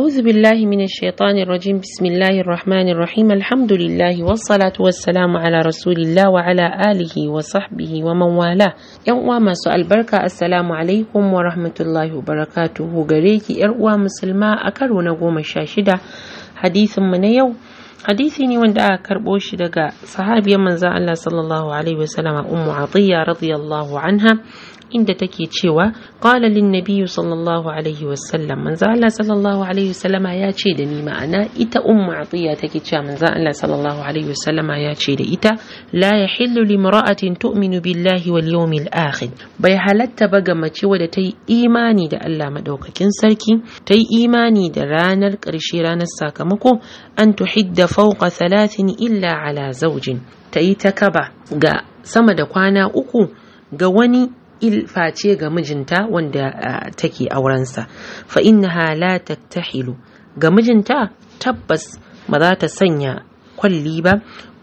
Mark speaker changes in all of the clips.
Speaker 1: أعوذ بالله من الشيطان الرجيم بسم الله الرحمن الرحيم الحمد لله والصلاة والسلام على رسول الله وعلى آله وصحبه ومن والاه ‘Yan uwa masu albarka asalamu alaikum wa rahmatullahi wa barakatuhu gare ki ‘yar uwa musulma a karo na goma sha shida hadisinmu na yau hadisi ne wanda aka karɓo shi daga sahabiyar manzan Allah sallallahu alaihi wasallam ummu atiyya anha inda take cewa qala lin nabiyyu sallallahu alaihi wasallam manzo Allah sallallahu alaihi wasallama ya ce da ni ma'ana ita ummu atiya take cewa manzo Allah sallallahu alaihi wasallama ya ce da ita la yahillu limra'atin tu'minu billahi wal yawmil akhir bai halatta ba ga mace wadda ta yi imani da Allah madaukakin sarki ta yi imani da ranar ƙarshe ranar sakamako an tuhidda fawqa thalathin illa ala zawjin ta yi ta kaba ga sama da kwana uku ga wani il face ga mijinta wanda take aurensa fa innaha la tattahilu ga mijinta tabbas ba za ta sanya kwalli ba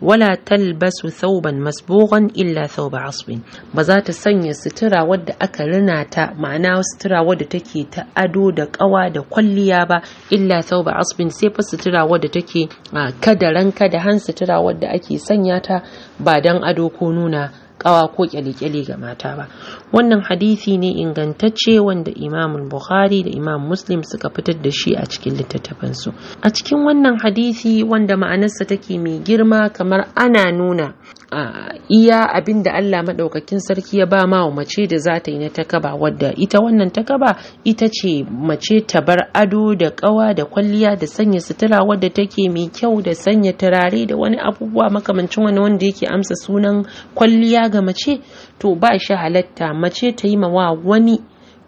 Speaker 1: wala talbasu thauban masbughan illa thawb asbin ba za ta sanya sutura wadda aka rina ta ma'ana sutura wadda take ta ado da kawa da kwalliya ba illa thawb asbin sai fa sutura wadda take kadaran da han sutura wadda ake sanya ta ba dan ado ko nuna kawa ko kyale-kyale ga mata ba wannan hadisi ne ingantacce wanda imam bukhari da imam muslim suka fitar da shi a cikin littattafansu a cikin wannan hadisi wanda ma'anarsa take mai girma kamar ana nuna iya abin da Allah maɗaukakin sarki ya ba ma mace da za ta yi na takaba wadda ita wannan takaba ita ce mace ta bar ado da ƙawa da kwalliya da sanya sutura wadda take mai kyau da sanya turare da wani abubuwa makamancin wani wanda yake amsa sunan kwalliya ga mace to ba shi halatta mace ta yi ma wani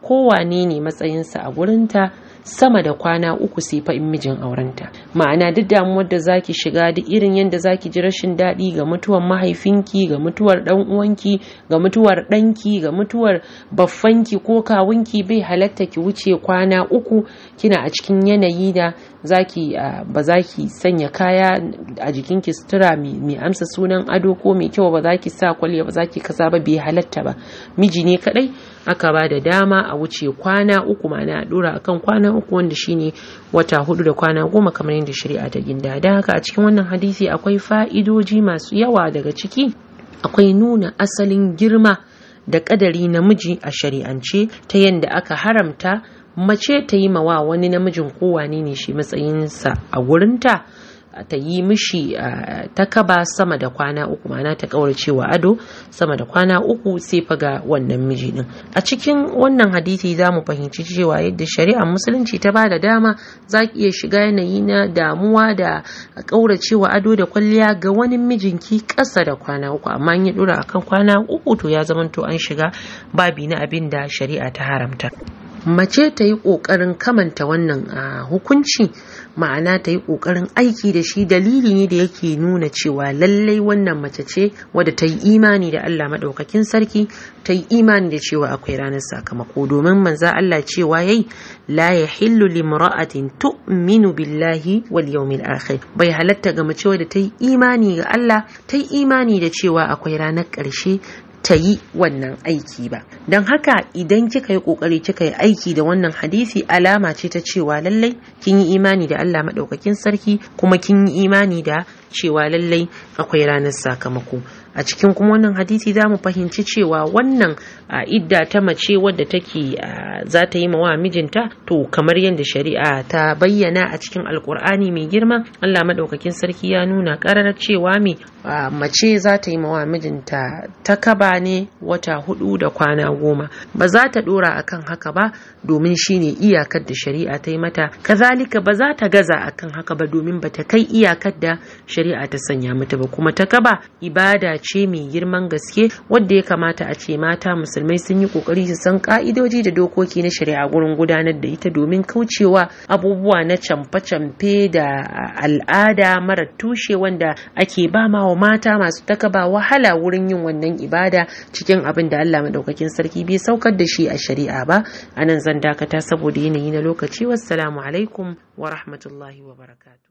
Speaker 1: kowane ne matsayinsa a gurinta sama da kwana uku sai fa in mijin aurenta ma'ana duk damuwar da zaki shiga duk irin yadda zaki ji rashin daɗi ga mutuwar mahaifinki ga mutuwar dan uwanki ga mutuwar ɗanki ga mutuwar baffanki ko kawunki bai halatta ki wuce kwana uku kina a cikin yanayi da zaki ba za sanya kaya a jikinki sutura mai amsa sunan ado ko mai kyau ba za sa kwalliya ba za kasa ba bai halatta ba miji ne kadai aka ba da dama a wuce kwana uku ma'ana a dora akan kwana kwana uku wanda shine wata hudu da kwana goma kamar yadda shari'a ta ginda da haka a cikin wannan hadisi akwai fa'idoji masu yawa daga ciki akwai nuna asalin girma da kadari namiji a shari'ance ta yadda aka haramta mace ta yi mawa wani namijin kowane ne shi matsayinsa a wurinta? ta yi mishi ta kaba sama da kwana uku mana ta ƙauracewa ado sama da kwana uku sai faga wannan miji din a cikin wannan hadisi za mu fahimci cewa yadda shari'ar musulunci ta ba da dama za ki iya shiga yanayi na damuwa da ƙauracewa ado da kwalliya ga wani mijinki ƙasa da kwana uku amma in ya dura akan kwana uku to ya zama to an shiga babi na abin da shari'a ta haramta mace ta yi ƙoƙarin kamanta wannan a hukunci ma'ana ta yi ƙoƙarin aiki da shi dalili ne da yake nuna cewa lallai wannan mace ce wadda ta yi imani da Allah maɗaukakin sarki ta yi imani da cewa akwai ranar sakamako domin manza Allah cewa yayi la li limra'atin tu'minu billahi wal yawmil akhir bai halatta ga mace wadda ta yi imani ga Allah ta yi imani da cewa akwai ranar ƙarshe ta yi wannan aiki ba don haka idan kika yi ƙoƙari kika yi aiki da wannan hadisi alama ce ta cewa lallai kin yi imani da Allah maɗaukakin sarki kuma kin yi imani da cewa lallai akwai ranar sakamako a cikin kuma wannan hadisi za mu fahimci cewa wannan idda ta mace wadda take za ta yi mawa mijinta to kamar yadda shari'a ta bayyana a cikin alkur'ani mai girma allah maɗaukakin sarki ya nuna ƙarar cewa mai mace za ta yi mawa mijinta ta kaba ne wata hudu da kwana goma ba za ta ɗora akan haka ba domin shine iyakar da shari'a ta yi mata kazalika ba za ta gaza akan haka ba domin ba ta kai iyakar da shari'a ta sanya mata ba kuma ta kaba ibada ce ce mai girman gaske wadda ya kamata a ce mata musulmai sun yi kokari su san ka'idoji da dokoki na shari'a gurin gudanar da ita domin kaucewa abubuwa na camfe-camfe da al'ada mara tushe wanda ake ba ma wa mata masu takaba wahala wurin yin wannan ibada cikin abin da Allah madaukakin sarki bai saukar da shi a shari'a ba anan zan dakata saboda yanayi na lokaci wassalamu alaikum wa rahmatullahi wa barakatuh